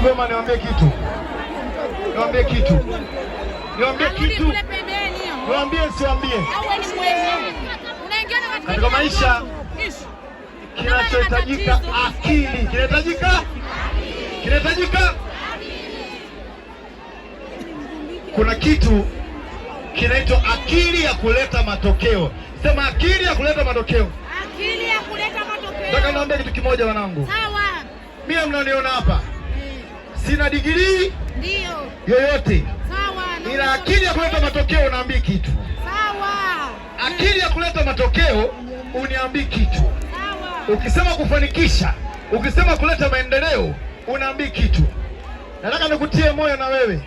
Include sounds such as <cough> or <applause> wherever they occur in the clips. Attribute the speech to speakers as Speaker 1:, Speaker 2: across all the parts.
Speaker 1: Kigoma, niwaambie kitu, niwaambie kitu, niwaambie kitu, niwaambie siwaambie, katika maisha kinachohitajika akili, kinahitajika kinahitajika. Kuna kitu kinaitwa akili ya kuleta matokeo. Sema akili ya kuleta matokeo.
Speaker 2: Akili ya kuleta matokeo.
Speaker 1: Nataka niwaambie kitu kimoja wanangu. Sawa. Mimi mnaniona hapa sina digirii yoyote, ila akili ya kuleta matokeo unaambii kitu. Akili ya kuleta matokeo uniambii kitu. Ukisema kufanikisha, ukisema kuleta maendeleo unaambii kitu. Nataka nikutie moyo na wewe,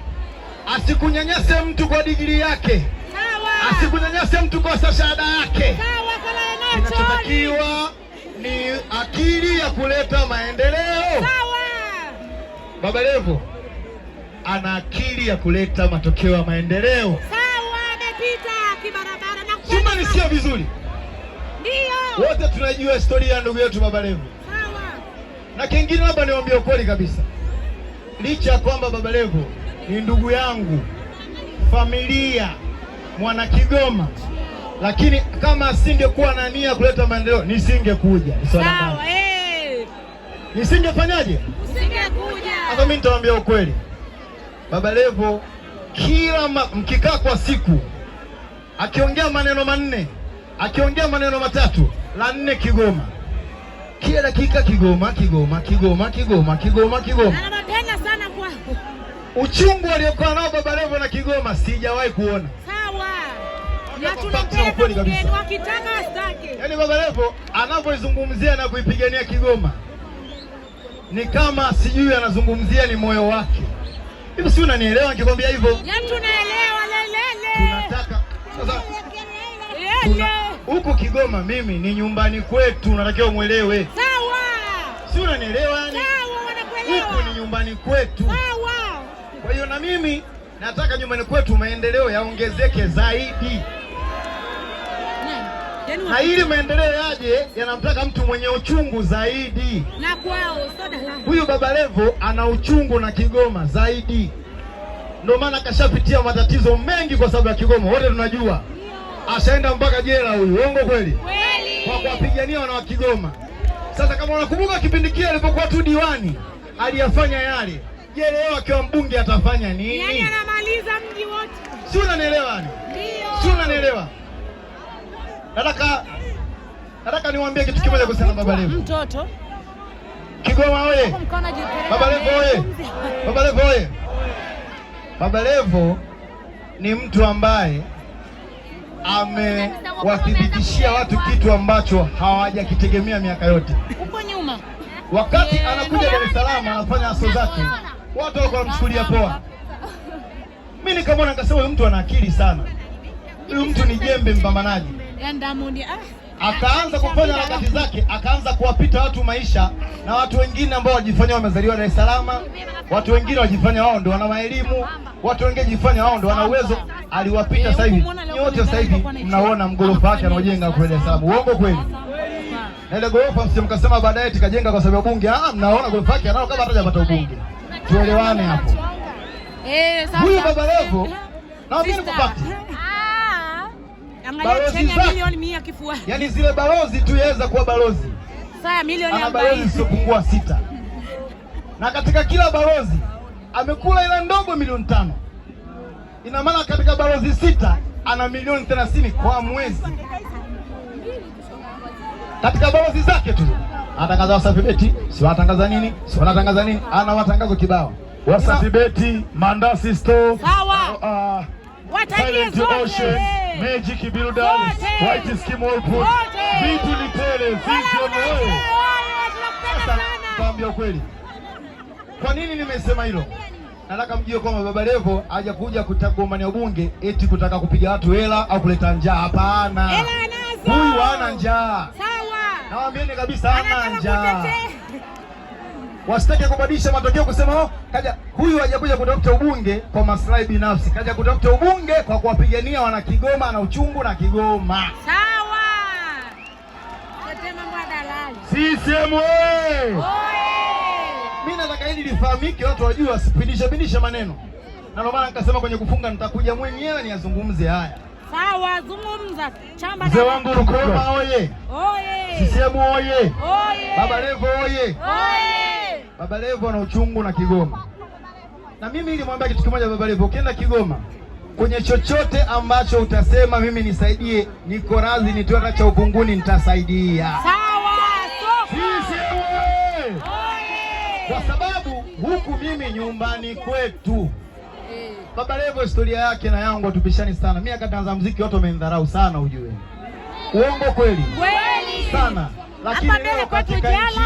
Speaker 1: asikunyanyase mtu kwa digirii yake, asikunyanyase mtu kwa shahada yake. Kinachotakiwa ni akili ya kuleta maendeleo. Baba Levo ana akili ya kuleta matokeo ya maendeleo.
Speaker 2: Sawa, amepita kibarabara na
Speaker 1: Juma, nisikia vizuri?
Speaker 2: Ndio.
Speaker 1: Wote tunajua historia ya ndugu yetu Baba Levo. Sawa. Na kingine labda niwaambie ukweli kabisa, licha ya kwamba Baba Levo ni ndugu yangu, familia, mwana Kigoma, lakini kama asingekuwa na nia kuleta maendeleo nisingekuja.
Speaker 2: Sawa, eh.
Speaker 1: Nisingefanyaje?
Speaker 2: Usingekuja.
Speaker 1: Hapa mimi nitawaambia ukweli, Baba Levo kila mkikaa kwa siku akiongea maneno manne, akiongea maneno matatu, la nne Kigoma, kila dakika Kigoma, Kigoma, Kigoma, Kigoma, Kigoma, Kigoma.
Speaker 2: Anapenda sana kwangu.
Speaker 1: Uchungu aliokuwa nao Baba Levo na Kigoma sijawahi kuona.
Speaker 2: Sawa. Na tunapenda wakitaka wasitake.
Speaker 1: Yaani Baba Levo anavyoizungumzia na kuipigania Kigoma ni kama sijui anazungumzia ni moyo wake. Hivi si unanielewa nikikwambia hivyo? Huku Kigoma mimi ni nyumbani kwetu, natakiwa umwelewe. Sawa. Si unanielewa yani? Huku ni nyumbani kwetu.
Speaker 2: Sawa.
Speaker 1: Kwa hiyo na mimi nataka nyumbani kwetu maendeleo yaongezeke zaidi na ili maendeleo yaje yanamtaka mtu mwenye uchungu zaidi.
Speaker 2: Na kwao soda la.
Speaker 1: Huyu Baba Levo ana uchungu na Kigoma zaidi, ndio maana kashapitia matatizo mengi kwa sababu ya Kigoma, wote tunajua ashaenda mpaka jela huyu, uongo kweli, kwa kuwapigania wana wa Kigoma. Sasa kama unakumbuka kipindi kile alipokuwa tu diwani aliyafanya yale, je, leo akiwa mbunge atafanya nini?
Speaker 2: Yani anamaliza mji wote,
Speaker 1: si unanielewa? Ndio, si unanielewa? Nataka nataka niwaambie kitu kimoja kuhusiana na Baba Levo. Mtoto. Kigoma oye. Baba Levo oye. Baba Levo oye. Baba Levo ni mtu ambaye amewathibitishia watu kitu ambacho hawajakitegemea miaka yote. Huko nyuma. Wakati anakuja Dar es Salaam anafanya aso zake, watu wako wanamchukulia poa. Mimi nikamwona nikasema huyu mtu ana akili sana. Huyu mtu ni jembe mpambanaji
Speaker 2: ya Diamond ah,
Speaker 1: akaanza kufanya harakati zake, akaanza kuwapita watu maisha na watu wengine ambao wajifanya wamezaliwa Dar es Salaam, watu wengine wajifanya wao ndio wana elimu, watu wengine wajifanya wao ndio wana uwezo. Aliwapita eh, sasa hivi nyote, sasa hivi mnaona mgorofa wake anaojenga kwa Dar es Salaam. Uongo kweli? Na ile gorofa msije mkasema baadaye tikajenga kwa sababu bunge. Ah, mnaona gorofa yake anao kama atajapata ubunge. Tuelewane hapo.
Speaker 2: Eh, sasa huyu
Speaker 1: Baba eh, Levo na mimi nikupata Angalia milioni mia kifuani. Yaani zile balozi tuweza kuwa balozi.
Speaker 2: Saya milioni ana Balozi
Speaker 1: sipungua sita. Na katika kila balozi amekula ila ndogo milioni tano. Ina maana katika balozi sita ana milioni 30 kwa mwezi. Katika balozi zake tu. Anatangaza Wasafi Beti, si wanatangaza nini? Si wanatangaza nini? Ana matangazo kibao. Wasafi Beti, Mandasi Store.
Speaker 2: Sawa. Uh,
Speaker 1: uh, Watajie zote. Magic Builders, White Skim Output, vitu ni tele, kwambia ukweli. Kwa nini nimesema hilo? Nataka mjue kwamba Baba Levo hajakuja kutagombania ubunge eti kutaka kupiga watu hela au kuleta njaa. Hapana, huyu hana njaa, nawaambieni kabisa, hana njaa wasitaki kubadilisha matokeo, kusema oh, kaja huyu hajakuja kutafuta ubunge kwa maslahi binafsi, kaja kutafuta ubunge kwa kuwapigania wana Kigoma na uchungu na Kigoma. Sawa, CCM oye! Mimi nataka hili lifahamike, watu wajue, wasipindishe pindishe maneno, na ndio maana nikasema kwenye kufunga nitakuja mwenyewe niyazungumze haya.
Speaker 2: Sawa, zungumza chamba.
Speaker 1: Mzee wangu Rukoma oye!
Speaker 2: Oye!
Speaker 1: CCM oye! Oye! Baba Levo oye!
Speaker 2: Oye!
Speaker 1: Baba Levo ana uchungu na Kigoma, na mimi nilimwambia kitu kimoja Baba Levo, ukienda Kigoma kwenye chochote ambacho utasema mimi nisaidie, niko radhi, nitoe hata cha upunguni, nitasaidia. Kwa sababu huku mimi nyumbani kwetu Baba Levo historia yake na yangu hatupishani sana. Mimi akatanza muziki watu wamenidharau sana, ujue uongo kweli sana lakini leo katika nchi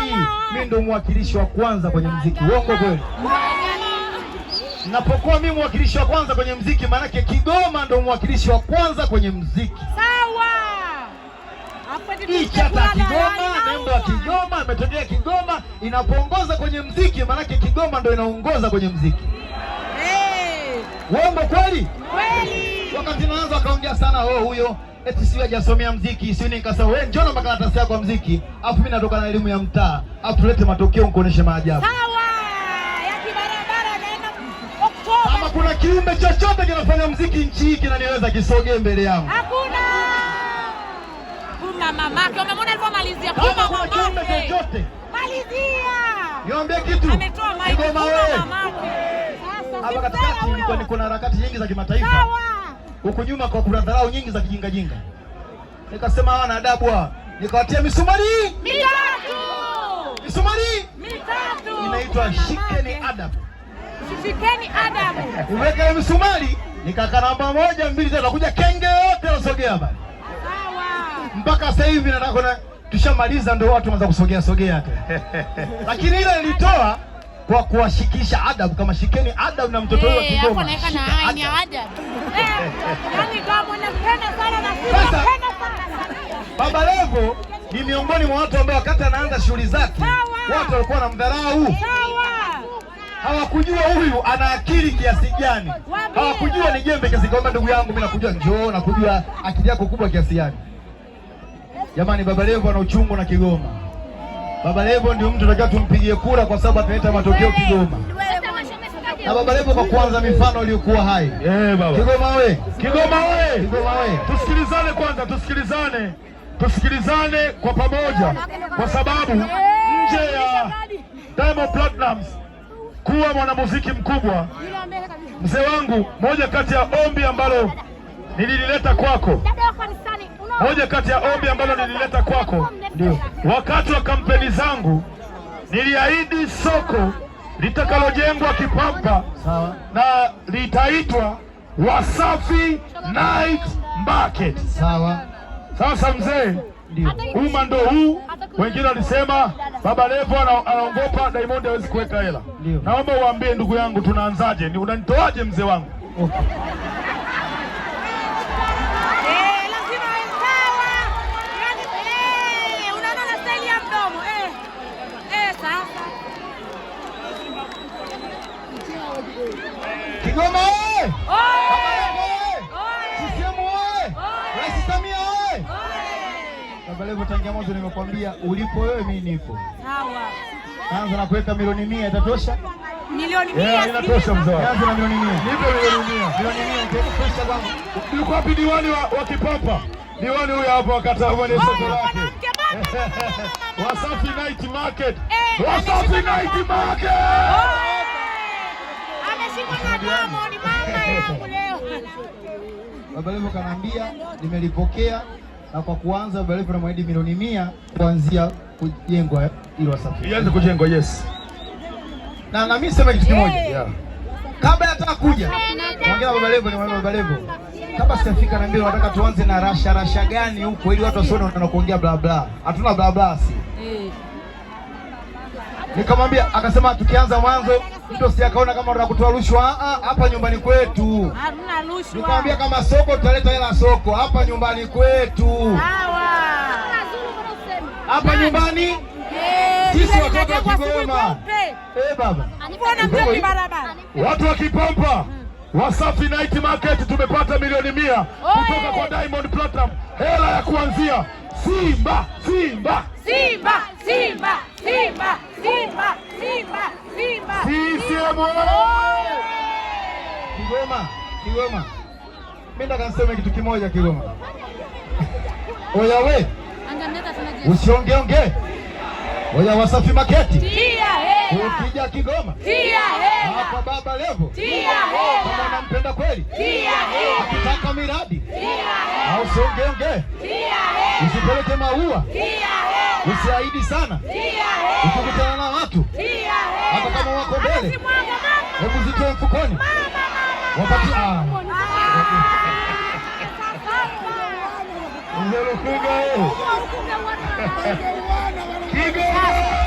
Speaker 1: mimi ndo mwakilishi wa kwanza kwenye mziki. Uongo kweli? Napokuwa mimi mwakilishi wa kwanza kwenye mziki maanake Kigoma ndo mwakilishi wa kwanza kwenye mziki. Sawa. Ichata Kigoma, nembo ya Kigoma, imetokea Kigoma, inapoongoza kwenye mziki maanake Kigoma ndo inaongoza kwenye mziki
Speaker 2: Hey.
Speaker 1: Uongo kweli?
Speaker 2: Kweli.
Speaker 1: Wakati naanza akaongea sana, oh huyo eti sio hajasomea mziki, sio nikasema wewe njoo na makaratasi yako ya mziki, afu mimi natoka na elimu ya mtaa, afu tulete matokeo nikuoneshe maajabu.
Speaker 2: Sawa. ya kibarabara
Speaker 1: Kama kuna kiumbe chochote kinafanya mziki nchi hii kinaniweza kisogee mbele yangu.
Speaker 2: Hakuna. Kuna mamake, umemwona alipomalizia kuna mamake. Kiumbe
Speaker 1: chochote.
Speaker 2: Malizia.
Speaker 1: Niombe kitu.
Speaker 2: Ametoa maiki. Kuna mamake.
Speaker 1: Sasa. Hapa katikati niko na harakati nyingi za kimataifa. Sawa huku nyuma kwa kula dharau nyingi za kijinga jinga, nikasema hawana adabu hawa, nikawatia misumari
Speaker 2: mitatu, misumari mitatu
Speaker 1: inaitwa shikeni adabu,
Speaker 2: shikeni adabu.
Speaker 1: Uweka misumari, nikakaa namba moja mbili tatu, kuja kenge yote wasogea bali,
Speaker 2: sawa
Speaker 1: mpaka sasa hivi na nakona, tushamaliza ndio watu waanza kusogea sogea, <laughs> lakini ile nilitoa kwa kuwashikisha adabu, kama shikeni adabu na mtoto huyo eh, Kigoma. Eh, Baba Levo ni miongoni mwa watu ambao wakati anaanza shughuli zake watu walikuwa mdharau hawakujua huyu ana akili kiasi gani, hawakujua ni jembe kiasi gani. Ndugu yangu mimi nakujua, njoo nakujua akili yako kubwa kiasi gani. Jamani, Baba Levo ana uchungu na Kigoma. Baba Levo ndio mtu tunatakiwa tumpigie kura kwa sababu ataleta matokeo Kigoma. Na Baba Levo kwa kwanza mifano iliyokuwa hai. Eh, baba. Kigoma we.
Speaker 3: Kigoma we.
Speaker 1: Kigoma we.
Speaker 3: Tusikilizane kwanza, tusikilizane. Tusikilizane kwa pamoja kwa sababu nje ya Diamond Platnumz kuwa mwanamuziki mkubwa, mzee wangu, moja kati ya ombi ambalo nililileta kwako moja kati ya ombi ambalo nilileta kwako, ndio wakati wa kampeni zangu niliahidi soko litakalojengwa Kipampa na litaitwa Wasafi Night Market.
Speaker 1: Sawa.
Speaker 3: Sasa mzee, uma ndo huu. Wengine walisema Baba Levo anaogopa Diamond hawezi kuweka hela. Naomba uambie ndugu yangu, tunaanzaje? Unanitoaje mzee wangu? Okay.
Speaker 1: Angalia tangia mwanzo nimekwambia, ulipo wewe mimi nipo. Sawa. Anza na kuweka milioni 100 itatosha?
Speaker 2: Milioni 100.
Speaker 1: Inatosha mzao. Anza na milioni 100.
Speaker 3: Nipo milioni 100.
Speaker 1: Milioni 100 itatosha
Speaker 3: kwangu. Yuko wapi diwani wa Kipapa? Diwani huyo hapo akataa bwana soko lake. Wasafi Night Market. Eh, Wasafi Night Market.
Speaker 2: Ameshikwa na damu ni mama yangu leo.
Speaker 1: Baba kanambia nimelipokea na kwa kuanza Baba na maidi milioni mia kuanzia kujengwa ile wasafi
Speaker 3: Ianze kujengwa yes.
Speaker 1: Na na mimi sema kitu kimoja. Yeah. Kabla hata kuja. Ongea Baba Levo ni Baba Levo. Kabla sijafika na mbele nataka tuanze na rasha rasha gani huko ili watu wasione wanakuongea bla bla. Hatuna bla bla si. Eh. Nikamwambia, akasema tukianza mwanzo mtu si akaona kama tunataka kutoa rushwa. Ah, ah, hapa nyumbani kwetu
Speaker 2: hamna rushwa.
Speaker 1: Nikamwambia kama soko tutaleta hela soko, hapa nyumbani kwetu, hapa nyumbani eh, sisi watoto wa Kigoma, eh baba,
Speaker 3: watu wa Kipompa Wasafi Night Market tumepata milioni mia kutoka kwa Diamond Platinum, hela ya kuanzia Simba, Simba,
Speaker 2: Simba, Simba, Simba. Simba, Simba, Simba.
Speaker 1: CCM Kigoma, Kigoma. Mimi nataka niseme kitu kimoja Kigoma. Oya we. Usiongee Oya Wasafi Maketi.
Speaker 2: Tia hela.
Speaker 1: Ukija Kigoma.
Speaker 2: Tia hela.
Speaker 1: Hapa Baba Levo.
Speaker 2: Tia hela.
Speaker 1: Kama unampenda kweli.
Speaker 2: Tia hela.
Speaker 1: Ukitaka miradi. Tia
Speaker 2: hela.
Speaker 1: Usiongee
Speaker 2: Tia hela.
Speaker 1: Usipeleke maua. Tia Usiahidi sana ukikutana na watu hata kama wako mbele, hebu zitoe mfukoni wakati ah. Mzee Lukuga eh. <laughs>